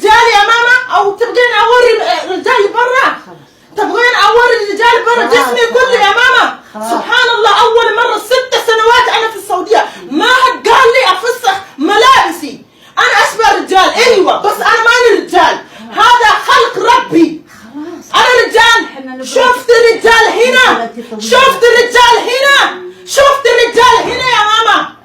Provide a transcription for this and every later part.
رجال يا ماما او تبغين اوري آه، رجال برا تبغين اوري الرجال برا جسمي كله يا ماما سبحان الله اول مره ست سنوات انا في السعوديه ما حد قال لي افسخ ملابسي انا اشبه رجال ايوه بس انا ماني رجال هذا خلق ربي انا رجال شفت الرجال هنا شفت الرجال هنا شفت الرجال هنا يا ماما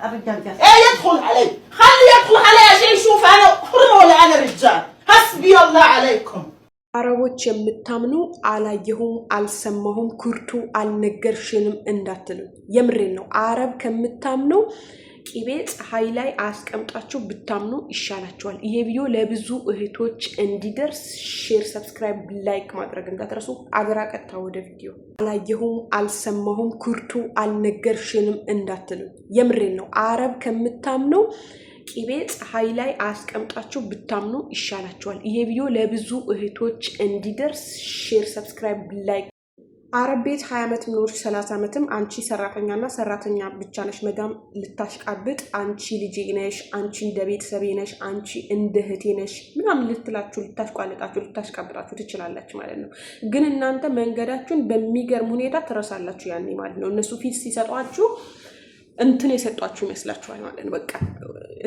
የምታምኑ አላየሁም፣ አልሰማሁም፣ ኩርቱ አልነገርሽንም እንዳትሉ። የምሬን ነው። አረብ ከምታምነው ቂቤ ፀሐይ ላይ አስቀምጣችሁ ብታምኑ ይሻላችኋል። ይሄ ቪዲዮ ለብዙ እህቶች እንዲደርስ ሼር፣ ሰብስክራይብ፣ ላይክ ማድረግ እንዳትረሱ። አገራ ቀጥታ ወደ ቪዲዮ። አላየሁም፣ አልሰማሁም፣ ኩርቱ አልነገርሽንም እንዳትሉ። የምሬን ነው። አረብ ከምታምነው ቂቤ ፀሐይ ላይ አስቀምጣችሁ ብታምኑ ይሻላችኋል። ይሄ ቪዲዮ ለብዙ እህቶች እንዲደርስ ሼር፣ ሰብስክራይብ፣ ላይክ አረብ ቤት ሀያ ዓመት ምኖር ሰላሳ ዓመትም አንቺ ሰራተኛና ሰራተኛ ብቻ ነሽ፣ መዳም ልታሽቃብጥ አንቺ ልጄ ነሽ፣ አንቺ እንደ ቤተሰቤ ነሽ፣ አንቺ እንደ እህቴ ነሽ ምናምን ልትላችሁ ልታሽቋልጣችሁ ልታሽቃብጣችሁ ትችላለች ማለት ነው። ግን እናንተ መንገዳችሁን በሚገርም ሁኔታ ትረሳላችሁ ያኔ ማለት ነው። እነሱ ፊት ሲሰጧችሁ እንትን የሰጧችሁ ይመስላችኋል ማለት ነው። በቃ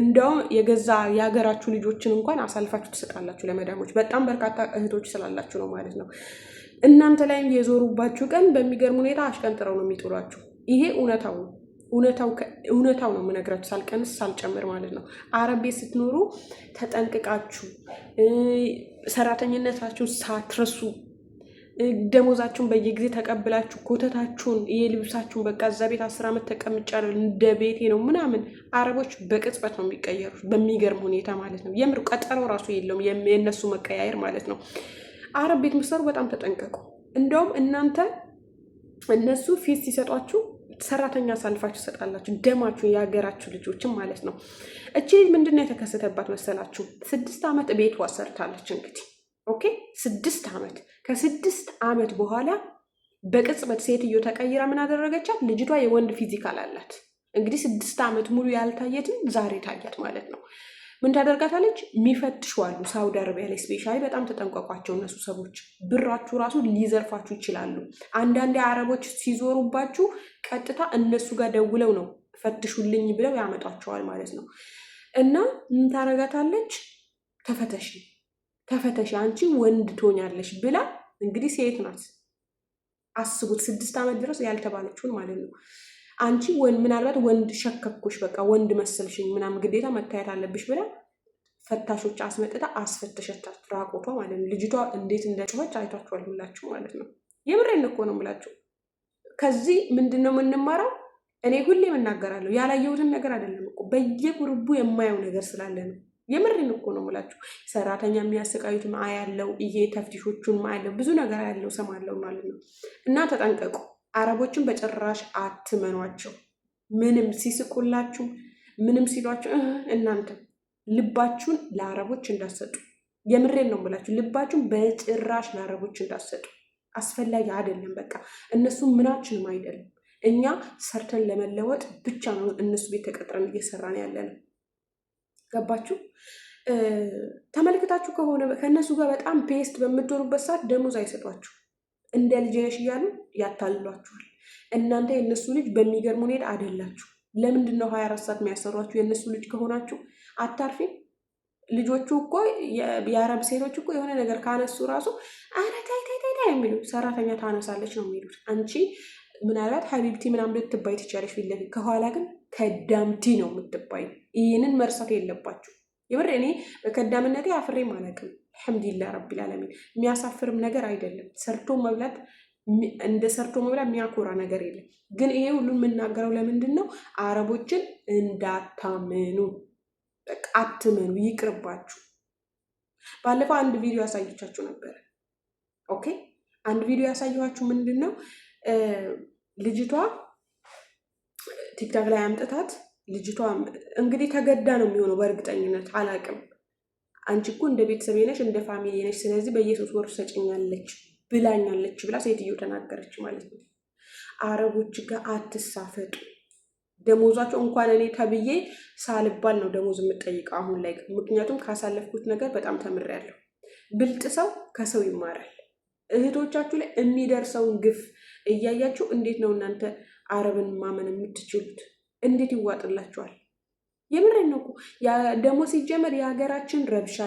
እንደውም የገዛ የሀገራችሁ ልጆችን እንኳን አሳልፋችሁ ትሰጣላችሁ ለመዳሞች። በጣም በርካታ እህቶች ስላላችሁ ነው ማለት ነው። እናንተ ላይም የዞሩባችሁ ቀን በሚገርም ሁኔታ አሽቀንጥረው ነው የሚጥሏችሁ። ይሄ እውነታው ነው። እውነታው ነው የምነግራችሁ፣ ሳልቀንስ ሳልጨምር ማለት ነው። አረብ ቤት ስትኖሩ ተጠንቅቃችሁ ሰራተኝነታችሁን ሳትረሱ ደሞዛችሁን በየጊዜ ተቀብላችሁ ኮተታችሁን የልብሳችሁን በቃ እዛ ቤት አስር ዓመት ተቀምጫለሁ እንደ ቤቴ ነው ምናምን። አረቦች በቅጽበት ነው የሚቀየሩት በሚገርም ሁኔታ ማለት ነው። የምር ቀጠሮ ራሱ የለውም የእነሱ መቀያየር ማለት ነው። አረብ ቤት ምሰሩ በጣም ተጠንቀቁ። እንደውም እናንተ እነሱ ፊት ሲሰጧችሁ ሰራተኛ አሳልፋችሁ ትሰጣላችሁ። ደማችሁ የሀገራችሁ ልጆችም ማለት ነው። እቺ ልጅ ምንድን ነው የተከሰተባት መሰላችሁ? ስድስት ዓመት ቤቷ ሰርታለች እንግዲህ ኦኬ ስድስት ዓመት ከስድስት ዓመት በኋላ በቅጽበት ሴትዮ ተቀይራ ምን አደረገቻት? ልጅቷ የወንድ ፊዚካል አላት። እንግዲህ ስድስት ዓመት ሙሉ ያልታየትም ዛሬ ታያት ማለት ነው። ምን ታደርጋታለች? የሚፈትሹ አሉ ሳውዲ አረቢያ ላይ ስፔሻሊ በጣም ተጠንቀቋቸው። እነሱ ሰዎች ብራችሁ ራሱ ሊዘርፋችሁ ይችላሉ። አንዳንድ አረቦች ሲዞሩባችሁ ቀጥታ እነሱ ጋር ደውለው ነው ፈትሹልኝ ብለው ያመጧቸዋል ማለት ነው። እና ምን ታደርጋታለች? ተፈተሽ ተፈተሽ አንቺ ወንድ ትሆኛለሽ ብላ እንግዲህ ሴት ናት። አስቡት ስድስት ዓመት ድረስ ያልተባለችውን ማለት ነው። አንቺ ምናልባት ወንድ ሸከኩሽ፣ በቃ ወንድ መሰልሽኝ ምናምን ግዴታ መታየት አለብሽ ብላ ፈታሾች አስመጥታ አስፈተሸቻት። ራቆቷ ማለት ነው። ልጅቷ እንዴት እንደጮኸች አይቷችኋል ሁላችሁ ማለት ነው። የምሬን እኮ ነው የምላችሁ። ከዚህ ምንድን ነው የምንማረው? እኔ ሁሌ የምናገራለሁ ያላየሁትን ነገር አይደለም እኮ በየጉርቡ የማየው ነገር ስላለ ነው። የምርን እኮ ነው ምላችሁ ሰራተኛ የሚያሰቃዩት ማ ያለው ይሄ ተፍቲሾቹን ማ ያለው ብዙ ነገር ያለው ሰማለው ማለት ነው። እና ተጠንቀቁ። አረቦችን በጭራሽ አትመኗቸው። ምንም ሲስቁላችሁ፣ ምንም ሲሏችሁ እናንተ ልባችሁን ለአረቦች እንዳሰጡ የምሬን ነው የምላችሁ። ልባችሁን በጭራሽ ለአረቦች እንዳሰጡ አስፈላጊ አይደለም። በቃ እነሱ ምናችንም አይደለም። እኛ ሰርተን ለመለወጥ ብቻ ነው እነሱ ቤት ተቀጥረን እየሰራን ያለ ነው። ገባችሁ? ተመልክታችሁ ከሆነ ከእነሱ ጋር በጣም ፔስት በምትሆኑበት ሰዓት ደሞዝ አይሰጧችሁ። እንደ ልጅ ነሽ እያሉ ያታልሏችኋል። እናንተ የእነሱ ልጅ በሚገርም ሁኔታ አይደላችሁ። ለምንድን ነው ሀያ አራት ሰዓት የሚያሰሯችሁ? የእነሱ ልጅ ከሆናችሁ አታርፊ። ልጆቹ እኮ የአረብ ሴቶች እኮ የሆነ ነገር ካነሱ ራሱ አረ ታይ ታይ ታይ የሚሉ ሰራተኛ ታነሳለች ነው የሚሉት። አንቺ ምናልባት ሀቢብቲ ምናምን ልትባይ ትቻለች ፊት ለፊት ከኋላ ግን ከዳምቲ ነው የምትባይ። ይህንን መርሳት የለባችሁ። የምር እኔ በከዳምነቴ አፍሬ ማለቅም አልሐምዱሊላህ ረቢል ዓለሚን። የሚያሳፍርም ነገር አይደለም። ሰርቶ መብላት እንደ ሰርቶ መብላት የሚያኮራ ነገር የለም። ግን ይሄ ሁሉ የምናገረው ለምንድን ነው? አረቦችን እንዳታመኑ፣ በቃ አትመኑ፣ ይቅርባችሁ። ባለፈው አንድ ቪዲዮ ያሳየቻችሁ ነበረ። ኦኬ አንድ ቪዲዮ ያሳየኋችሁ ምንድን ነው ልጅቷ ቲክታክ ላይ አምጥታት ልጅቷ እንግዲህ ተገዳ ነው የሚሆነው። በእርግጠኝነት አላቅም። አንቺ እኮ እንደ ቤተሰብ ነሽ፣ እንደ ፋሚሊ ነሽ፣ ስለዚህ በየሶስት ወር ሰጭኛለች ብላኛለች ብላ ሴትዮ ተናገረች ማለት ነው። አረቦች ጋር አትሳፈጡ። ደሞዛቸው እንኳን እኔ ተብዬ ሳልባል ነው ደሞዝ የምጠይቀው አሁን ላይ። ምክንያቱም ካሳለፍኩት ነገር በጣም ተምሬያለሁ። ብልጥ ሰው ከሰው ይማራል። እህቶቻችሁ ላይ የሚደርሰውን ግፍ እያያችሁ እንዴት ነው እናንተ አረብን ማመን የምትችሉት እንዴት ይዋጥላችኋል? የምሬን ነው እኮ ደግሞ ሲጀመር የሀገራችን ረብሻ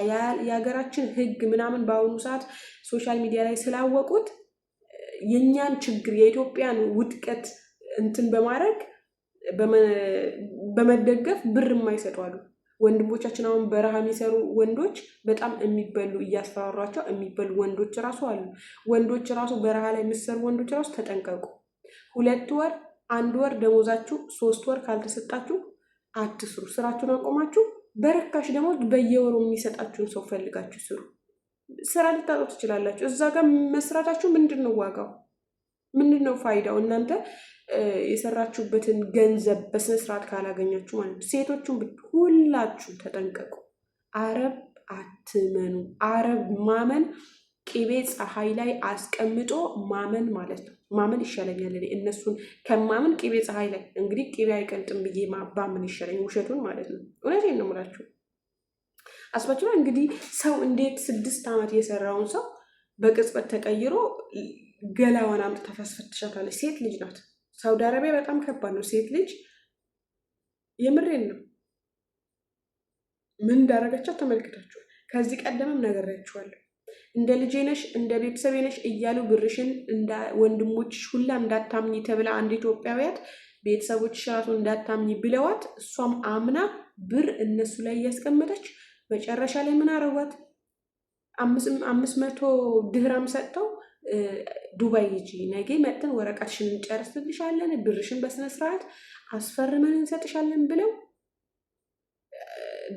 የሀገራችን ሕግ ምናምን በአሁኑ ሰዓት ሶሻል ሚዲያ ላይ ስላወቁት የእኛን ችግር የኢትዮጵያን ውድቀት እንትን በማድረግ በመደገፍ ብር የማይሰጧሉ ወንድሞቻችን አሁን በረሃ የሚሰሩ ወንዶች በጣም የሚበሉ እያስፈራሯቸው የሚበሉ ወንዶች ራሱ አሉ። ወንዶች ራሱ በረሃ ላይ የሚሰሩ ወንዶች ራሱ ተጠንቀቁ። ሁለት ወር አንድ ወር ደሞዛችሁ ሶስት ወር ካልተሰጣችሁ አትስሩ። ስራችሁን አቆማችሁ በረካሽ ደሞዝ በየወሩ የሚሰጣችሁን ሰው ፈልጋችሁ ስሩ። ስራ ልታጡ ትችላላችሁ። እዛ ጋር መስራታችሁ ምንድን ነው ዋጋው? ምንድን ነው ፋይዳው? እናንተ የሰራችሁበትን ገንዘብ በስነስርዓት ካላገኛችሁ ማለት ነው። ሴቶቹን ሁላችሁ ተጠንቀቁ። አረብ አትመኑ። አረብ ማመን ቅቤ ፀሐይ ላይ አስቀምጦ ማመን ማለት ነው። ማመን ይሻለኛል። እኔ እነሱን ከማምን ቅቤ ፀሐይ ላይ እንግዲህ ቅቤ አይቀልጥም ብዬ ባምን ይሻለኝ፣ ውሸቱን ማለት ነው። እውነቴን ነው የምላችሁ። አስባችኋ እንግዲህ ሰው እንዴት ስድስት ዓመት የሰራውን ሰው በቅጽበት ተቀይሮ ገላዋን አምጥታ ታስፈትሻታለች። ሴት ልጅ ናት። ሳውዲ አረቢያ በጣም ከባድ ነው። ሴት ልጅ የምሬን ነው። ምን እንዳረገቻት ተመልክታችኋል። ከዚህ ቀደምም ነገራችኋለሁ። እንደ ልጄ ነሽ፣ እንደ ቤተሰቤ ነሽ እያሉ ብርሽን ወንድሞች ወንድሞችሽ ሁላ እንዳታምኝ ተብላ አንድ ኢትዮጵያውያት ቤተሰቦችሽ ራሱ እንዳታምኝ ብለዋት እሷም አምና ብር እነሱ ላይ እያስቀመጠች መጨረሻ ላይ ምን አረጓት? አምስት መቶ ድህራም ሰጥተው ዱባይ ሂጂ፣ ነገ መጥተን ወረቀትሽን እንጨርስልሻለን፣ ብርሽን በስነስርዓት አስፈርመን እንሰጥሻለን ብለው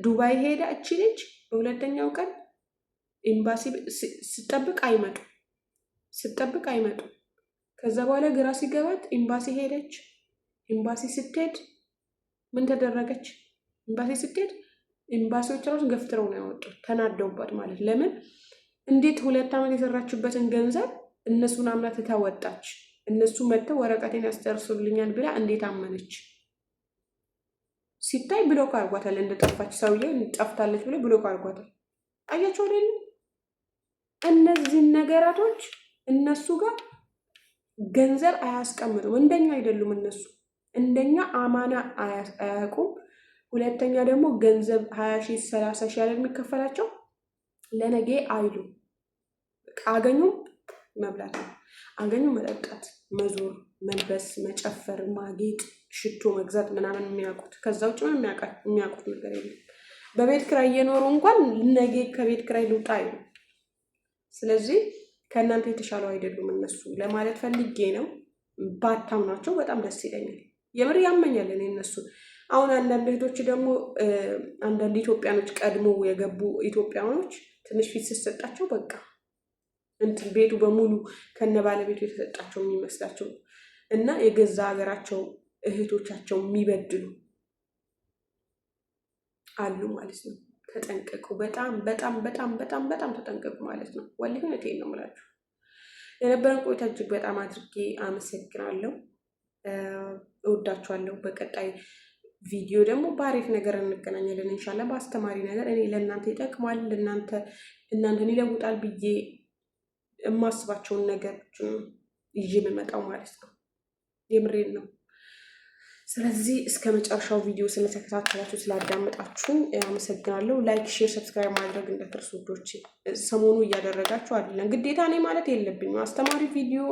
ዱባይ ሄዳ እቺ ልጅ በሁለተኛው ቀን ኤምባሲ ስጠብቅ አይመጡ ስጠብቅ አይመጡ። ከዛ በኋላ ግራ ሲገባት ኤምባሲ ሄደች። ኤምባሲ ስትሄድ ምን ተደረገች? ኤምባሲ ስትሄድ ኤምባሲዎች ራሱ ገፍትረው ነው ያወጡት፣ ተናደውባት ማለት ለምን እንዴት ሁለት ዓመት የሰራችበትን ገንዘብ እነሱን አምና ትታወጣች? እነሱ መጥተው ወረቀቴን ያስደርሱልኛል ብላ እንዴት አመነች? ሲታይ ብሎክ አርጓታል። እንደጠፋች ሰውዬ ጠፍታለች ብሎ ብሎክ አርጓታል። አያቸው አይደለም እነዚህን ነገራቶች እነሱ ጋር ገንዘብ አያስቀምጡም። እንደኛ አይደሉም። እነሱ እንደኛ አማና አያውቁም። ሁለተኛ ደግሞ ገንዘብ ሀያ ሺ ሰላሳ ሺ ያለ የሚከፈላቸው ለነጌ አይሉ አገኙ መብላት ነው አገኙ መጠጣት፣ መዞር፣ መልበስ፣ መጨፈር፣ ማጌጥ፣ ሽቶ መግዛት ምናምን የሚያውቁት ከዛ ውጭ የሚያውቁት ነገር የለም። በቤት ክራይ እየኖሩ እንኳን ነጌ ከቤት ክራይ ልውጣ አይሉ ስለዚህ ከእናንተ የተሻለው አይደሉም እነሱ ለማለት ፈልጌ ነው። ባታምናቸው በጣም ደስ ይለኛል። የምር ያመኛል እኔ እነሱ አሁን አንዳንድ እህቶች ደግሞ አንዳንድ ኢትዮጵያኖች ቀድሞ የገቡ ኢትዮጵያኖች ትንሽ ፊት ስሰጣቸው በቃ እንትን ቤቱ በሙሉ ከነ ባለቤቱ የተሰጣቸው የሚመስላቸው እና የገዛ ሀገራቸው እህቶቻቸው የሚበድሉ አሉ ማለት ነው። ተጠንቀቁ። በጣም በጣም በጣም በጣም በጣም ተጠንቀቁ ማለት ነው። ወላሂ እውነቴን ነው የምላችሁ። የነበረን ቆይታ እጅግ በጣም አድርጌ አመሰግናለሁ። እወዳችኋለሁ። በቀጣይ ቪዲዮ ደግሞ በአሪፍ ነገር እንገናኛለን። እንሻለን በአስተማሪ ነገር እኔ ለእናንተ ይጠቅማል ለእናንተ እናንተን ይለውጣል ብዬ የማስባቸውን ነገሮችን ይዤ የምመጣው ማለት ነው። የምሬን ነው። ስለዚህ እስከ መጨረሻው ቪዲዮ ስለተከታተላችሁ ስላዳመጣችሁ አመሰግናለሁ። ላይክ፣ ሼር፣ ሰብስክራይብ ማድረግ እንዳትረሱ ውዶች። ሰሞኑ እያደረጋችሁ አይደለም ግዴታ እኔ ማለት የለብኝም አስተማሪ ቪዲዮ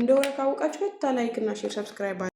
እንደሆነ ካወቃችሁ በታ ላይክ እና ሼር ሰብስክራይብ